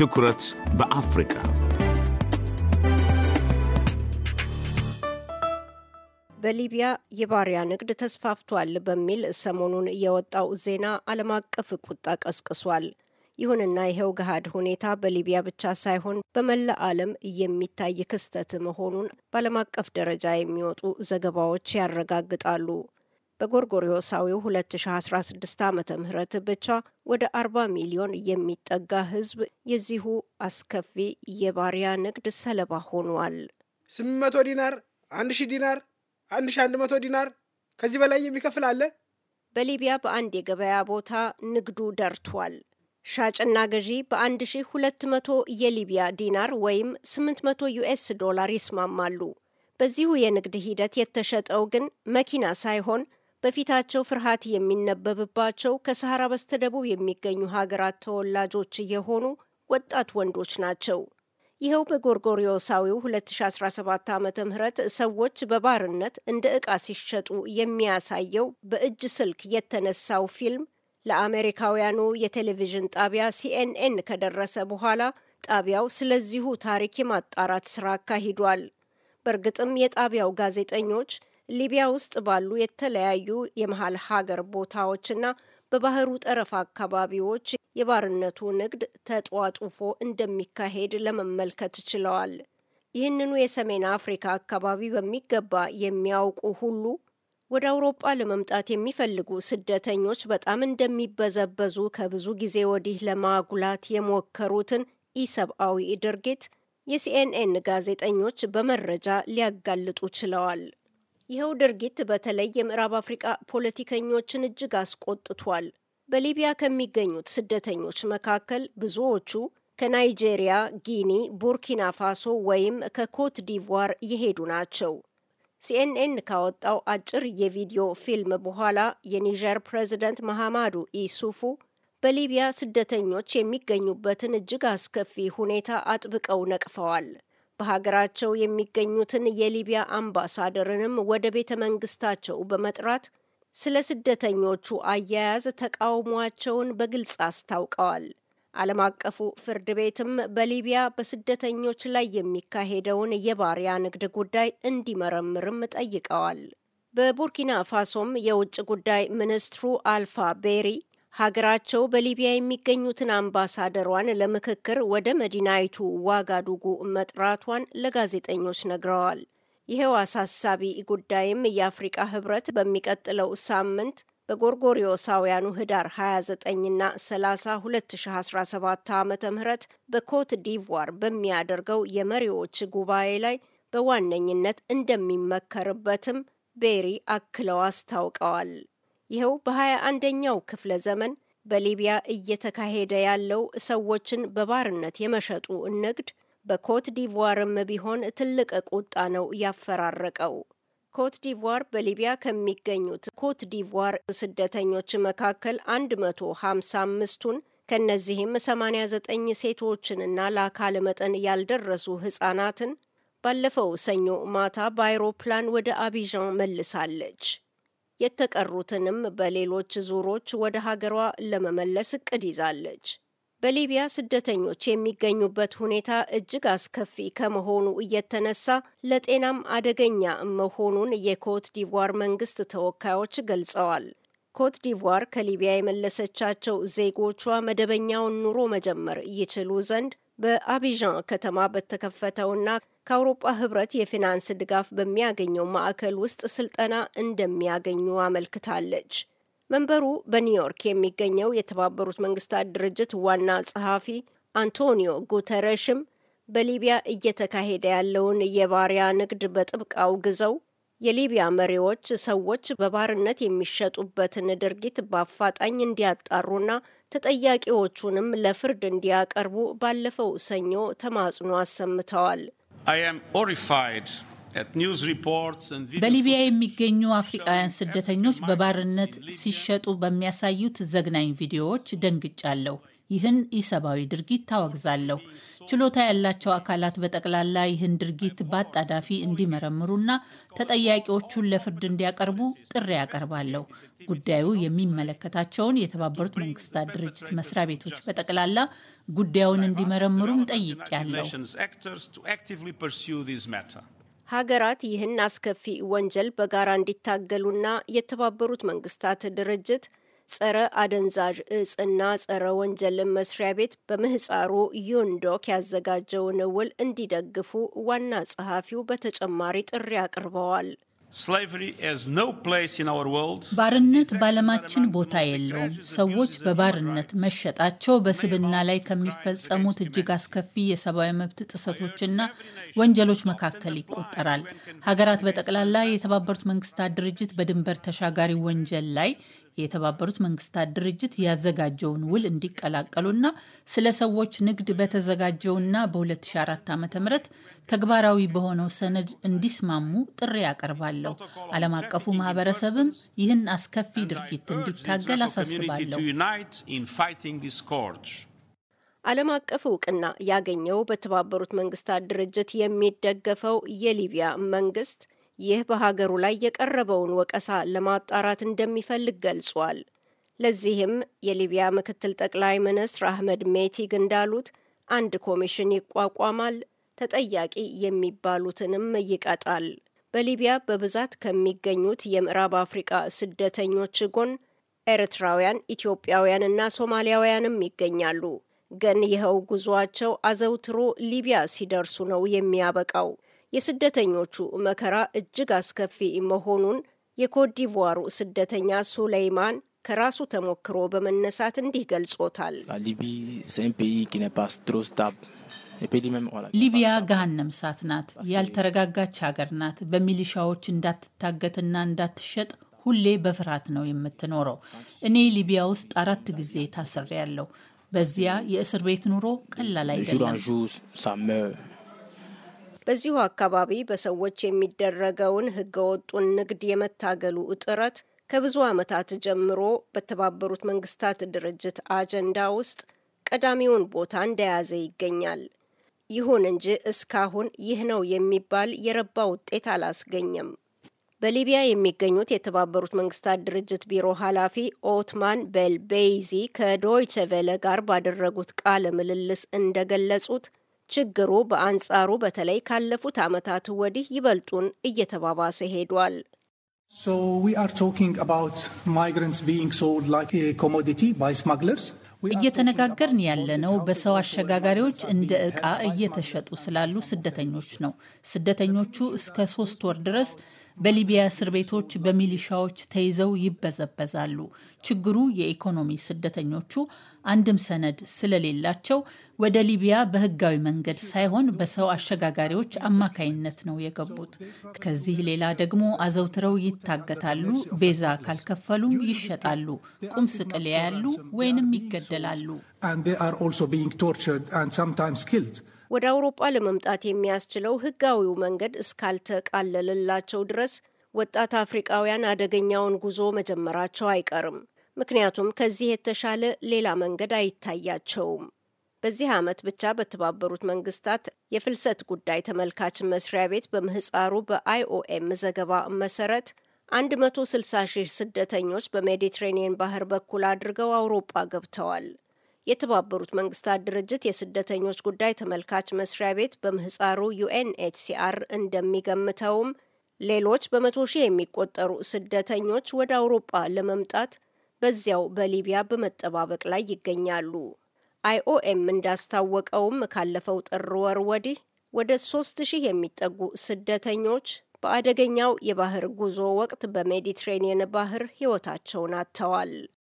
ትኩረት በአፍሪካ በሊቢያ የባሪያ ንግድ ተስፋፍቷል በሚል ሰሞኑን የወጣው ዜና ዓለም አቀፍ ቁጣ ቀስቅሷል። ይሁንና ይኸው ገሃድ ሁኔታ በሊቢያ ብቻ ሳይሆን በመላ ዓለም የሚታይ ክስተት መሆኑን በዓለም አቀፍ ደረጃ የሚወጡ ዘገባዎች ያረጋግጣሉ። በጎርጎሪዮሳዊው 2016 ዓ ምህረት ብቻ ወደ 40 ሚሊዮን የሚጠጋ ህዝብ የዚሁ አስከፊ የባሪያ ንግድ ሰለባ ሆኗል። 800 ዲናር፣ 1000 ዲናር፣ 1100 ዲናር ከዚህ በላይ የሚከፍል አለ። በሊቢያ በአንድ የገበያ ቦታ ንግዱ ደርቷል። ሻጭና ገዢ በ1200 የሊቢያ ዲናር ወይም 800 ዩኤስ ዶላር ይስማማሉ። በዚሁ የንግድ ሂደት የተሸጠው ግን መኪና ሳይሆን በፊታቸው ፍርሃት የሚነበብባቸው ከሰሃራ በስተደቡብ የሚገኙ ሀገራት ተወላጆች የሆኑ ወጣት ወንዶች ናቸው። ይኸው በጎርጎሪዮሳዊው 2017 ዓ ም ሰዎች በባርነት እንደ ዕቃ ሲሸጡ የሚያሳየው በእጅ ስልክ የተነሳው ፊልም ለአሜሪካውያኑ የቴሌቪዥን ጣቢያ ሲኤንኤን ከደረሰ በኋላ ጣቢያው ስለዚሁ ታሪክ የማጣራት ስራ አካሂዷል። በእርግጥም የጣቢያው ጋዜጠኞች ሊቢያ ውስጥ ባሉ የተለያዩ የመሀል ሀገር ቦታዎችና በባህሩ ጠረፍ አካባቢዎች የባርነቱ ንግድ ተጧጡፎ እንደሚካሄድ ለመመልከት ችለዋል። ይህንኑ የሰሜን አፍሪካ አካባቢ በሚገባ የሚያውቁ ሁሉ ወደ አውሮጳ ለመምጣት የሚፈልጉ ስደተኞች በጣም እንደሚበዘበዙ ከብዙ ጊዜ ወዲህ ለማጉላት የሞከሩትን ኢሰብአዊ ድርጊት የሲኤንኤን ጋዜጠኞች በመረጃ ሊያጋልጡ ችለዋል። ይኸው ድርጊት በተለይ የምዕራብ አፍሪቃ ፖለቲከኞችን እጅግ አስቆጥቷል። በሊቢያ ከሚገኙት ስደተኞች መካከል ብዙዎቹ ከናይጄሪያ፣ ጊኒ፣ ቡርኪና ፋሶ ወይም ከኮት ዲቯር የሄዱ ናቸው። ሲኤንኤን ካወጣው አጭር የቪዲዮ ፊልም በኋላ የኒጀር ፕሬዚደንት መሐማዱ ኢሱፉ በሊቢያ ስደተኞች የሚገኙበትን እጅግ አስከፊ ሁኔታ አጥብቀው ነቅፈዋል። በሀገራቸው የሚገኙትን የሊቢያ አምባሳደርንም ወደ ቤተ መንግስታቸው በመጥራት ስለ ስደተኞቹ አያያዝ ተቃውሟቸውን በግልጽ አስታውቀዋል። ዓለም አቀፉ ፍርድ ቤትም በሊቢያ በስደተኞች ላይ የሚካሄደውን የባሪያ ንግድ ጉዳይ እንዲመረምርም ጠይቀዋል። በቡርኪና ፋሶም የውጭ ጉዳይ ሚኒስትሩ አልፋ ቤሪ ሀገራቸው በሊቢያ የሚገኙትን አምባሳደሯን ለምክክር ወደ መዲናይቱ ዋጋዱጉ መጥራቷን ለጋዜጠኞች ነግረዋል። ይኸው አሳሳቢ ጉዳይም የአፍሪቃ ህብረት በሚቀጥለው ሳምንት በጎርጎሪዮሳውያኑ ህዳር 29ና 30 2017 ዓ ም በኮት ዲቮር በሚያደርገው የመሪዎች ጉባኤ ላይ በዋነኝነት እንደሚመከርበትም ቤሪ አክለው አስታውቀዋል። ይኸው በሀያ አንደኛው ክፍለ ዘመን በሊቢያ እየተካሄደ ያለው ሰዎችን በባርነት የመሸጡ ንግድ በኮት ዲቮርም ቢሆን ትልቅ ቁጣ ነው ያፈራረቀው። ኮት ዲቮር በሊቢያ ከሚገኙት ኮት ዲቮር ስደተኞች መካከል 155ቱን ከነዚህም 89 ሴቶችንና ለአካል መጠን ያልደረሱ ህጻናትን ባለፈው ሰኞ ማታ በአይሮፕላን ወደ አቢዣን መልሳለች። የተቀሩትንም በሌሎች ዙሮች ወደ ሀገሯ ለመመለስ እቅድ ይዛለች። በሊቢያ ስደተኞች የሚገኙበት ሁኔታ እጅግ አስከፊ ከመሆኑ እየተነሳ ለጤናም አደገኛ መሆኑን የኮት ዲቯር መንግስት ተወካዮች ገልጸዋል። ኮት ዲቯር ከሊቢያ የመለሰቻቸው ዜጎቿ መደበኛውን ኑሮ መጀመር ይችሉ ዘንድ በአቢዣን ከተማ በተከፈተውና ከአውሮጳ ህብረት የፊናንስ ድጋፍ በሚያገኘው ማዕከል ውስጥ ስልጠና እንደሚያገኙ አመልክታለች። መንበሩ በኒውዮርክ የሚገኘው የተባበሩት መንግስታት ድርጅት ዋና ጸሐፊ አንቶኒዮ ጉተረሽም በሊቢያ እየተካሄደ ያለውን የባሪያ ንግድ በጥብቅ አውግዘው የሊቢያ መሪዎች ሰዎች በባርነት የሚሸጡበትን ድርጊት በአፋጣኝ እንዲያጣሩና ተጠያቂዎቹንም ለፍርድ እንዲያቀርቡ ባለፈው ሰኞ ተማጽኖ አሰምተዋል። በሊቢያ የሚገኙ አፍሪቃውያን ስደተኞች በባርነት ሲሸጡ በሚያሳዩት ዘግናኝ ቪዲዮዎች ደንግጫለሁ። ይህን ኢሰብአዊ ድርጊት ታወግዛለሁ። ችሎታ ያላቸው አካላት በጠቅላላ ይህን ድርጊት በአጣዳፊ እንዲመረምሩና ተጠያቂዎቹን ለፍርድ እንዲያቀርቡ ጥሪ ያቀርባለሁ። ጉዳዩ የሚመለከታቸውን የተባበሩት መንግስታት ድርጅት መስሪያ ቤቶች በጠቅላላ ጉዳዩን እንዲመረምሩም ጠይቄያለሁ። ሀገራት ይህን አስከፊ ወንጀል በጋራ እንዲታገሉና የተባበሩት መንግስታት ድርጅት ጸረ አደንዛዥ እጽና ጸረ ወንጀል መስሪያ ቤት በምህፃሩ ዩንዶክ ያዘጋጀውን ውል እንዲደግፉ ዋና ጸሐፊው በተጨማሪ ጥሪ አቅርበዋል። ባርነት በዓለማችን ቦታ የለውም። ሰዎች በባርነት መሸጣቸው በስብና ላይ ከሚፈጸሙት እጅግ አስከፊ የሰብአዊ መብት ጥሰቶችና ወንጀሎች መካከል ይቆጠራል። ሀገራት በጠቅላላ የተባበሩት መንግስታት ድርጅት በድንበር ተሻጋሪ ወንጀል ላይ የተባበሩት መንግስታት ድርጅት ያዘጋጀውን ውል እንዲቀላቀሉና ስለ ሰዎች ንግድ በተዘጋጀውና በ2004 ዓ ም ተግባራዊ በሆነው ሰነድ እንዲስማሙ ጥሪ ያቀርባለሁ። ዓለም አቀፉ ማህበረሰብም ይህን አስከፊ ድርጊት እንዲታገል አሳስባለሁ። ዓለም አቀፍ እውቅና ያገኘው በተባበሩት መንግስታት ድርጅት የሚደገፈው የሊቢያ መንግስት ይህ በሀገሩ ላይ የቀረበውን ወቀሳ ለማጣራት እንደሚፈልግ ገልጿል። ለዚህም የሊቢያ ምክትል ጠቅላይ ሚኒስትር አህመድ ሜቲግ እንዳሉት አንድ ኮሚሽን ይቋቋማል፣ ተጠያቂ የሚባሉትንም ይቀጣል። በሊቢያ በብዛት ከሚገኙት የምዕራብ አፍሪቃ ስደተኞች ጎን ኤርትራውያን፣ ኢትዮጵያውያንና ሶማሊያውያንም ይገኛሉ። ግን ይኸው ጉዟቸው አዘውትሮ ሊቢያ ሲደርሱ ነው የሚያበቃው። የስደተኞቹ መከራ እጅግ አስከፊ መሆኑን የኮትዲቯሩ ስደተኛ ሱሌይማን ከራሱ ተሞክሮ በመነሳት እንዲህ ገልጾታል። ሊቢያ ገሃነም እሳት ናት። ያልተረጋጋች ሀገር ናት። በሚሊሻዎች እንዳትታገትና እንዳትሸጥ ሁሌ በፍርሃት ነው የምትኖረው። እኔ ሊቢያ ውስጥ አራት ጊዜ ታስሬያለሁ። በዚያ የእስር ቤት ኑሮ ቀላል አይደለም። በዚሁ አካባቢ በሰዎች የሚደረገውን ህገወጡን ንግድ የመታገሉ ጥረት ከብዙ ዓመታት ጀምሮ በተባበሩት መንግስታት ድርጅት አጀንዳ ውስጥ ቀዳሚውን ቦታ እንደያዘ ይገኛል። ይሁን እንጂ እስካሁን ይህ ነው የሚባል የረባ ውጤት አላስገኘም። በሊቢያ የሚገኙት የተባበሩት መንግስታት ድርጅት ቢሮ ኃላፊ ኦትማን ቤልቤይዚ ከዶይቸ ቬለ ጋር ባደረጉት ቃለ ምልልስ እንደገለጹት ችግሩ በአንጻሩ በተለይ ካለፉት ዓመታት ወዲህ ይበልጡን እየተባባሰ ሄዷል። እየተነጋገርን ያለነው በሰው አሸጋጋሪዎች እንደ ዕቃ እየተሸጡ ስላሉ ስደተኞች ነው። ስደተኞቹ እስከ ሶስት ወር ድረስ በሊቢያ እስር ቤቶች በሚሊሻዎች ተይዘው ይበዘበዛሉ። ችግሩ የኢኮኖሚ ስደተኞቹ አንድም ሰነድ ስለሌላቸው ወደ ሊቢያ በህጋዊ መንገድ ሳይሆን በሰው አሸጋጋሪዎች አማካይነት ነው የገቡት። ከዚህ ሌላ ደግሞ አዘውትረው ይታገታሉ። ቤዛ ካልከፈሉም ይሸጣሉ፣ ቁም ስቅል ያያሉ ወይንም ይገደላሉ። ወደ አውሮጳ ለመምጣት የሚያስችለው ህጋዊው መንገድ እስካልተቃለለላቸው ድረስ ወጣት አፍሪቃውያን አደገኛውን ጉዞ መጀመራቸው አይቀርም። ምክንያቱም ከዚህ የተሻለ ሌላ መንገድ አይታያቸውም። በዚህ ዓመት ብቻ በተባበሩት መንግስታት የፍልሰት ጉዳይ ተመልካች መስሪያ ቤት በምህፃሩ በአይኦኤም ዘገባ መሰረት 160 ሺህ ስደተኞች በሜዲትሬኒየን ባህር በኩል አድርገው አውሮፓ ገብተዋል። የተባበሩት መንግስታት ድርጅት የስደተኞች ጉዳይ ተመልካች መስሪያ ቤት በምህፃሩ ዩኤንኤችሲአር እንደሚገምተውም ሌሎች በመቶ ሺህ የሚቆጠሩ ስደተኞች ወደ አውሮጳ ለመምጣት በዚያው በሊቢያ በመጠባበቅ ላይ ይገኛሉ። አይኦኤም እንዳስታወቀውም ካለፈው ጥር ወር ወዲህ ወደ ሶስት ሺህ የሚጠጉ ስደተኞች በአደገኛው የባህር ጉዞ ወቅት በሜዲትሬኒየን ባህር ሕይወታቸውን አጥተዋል።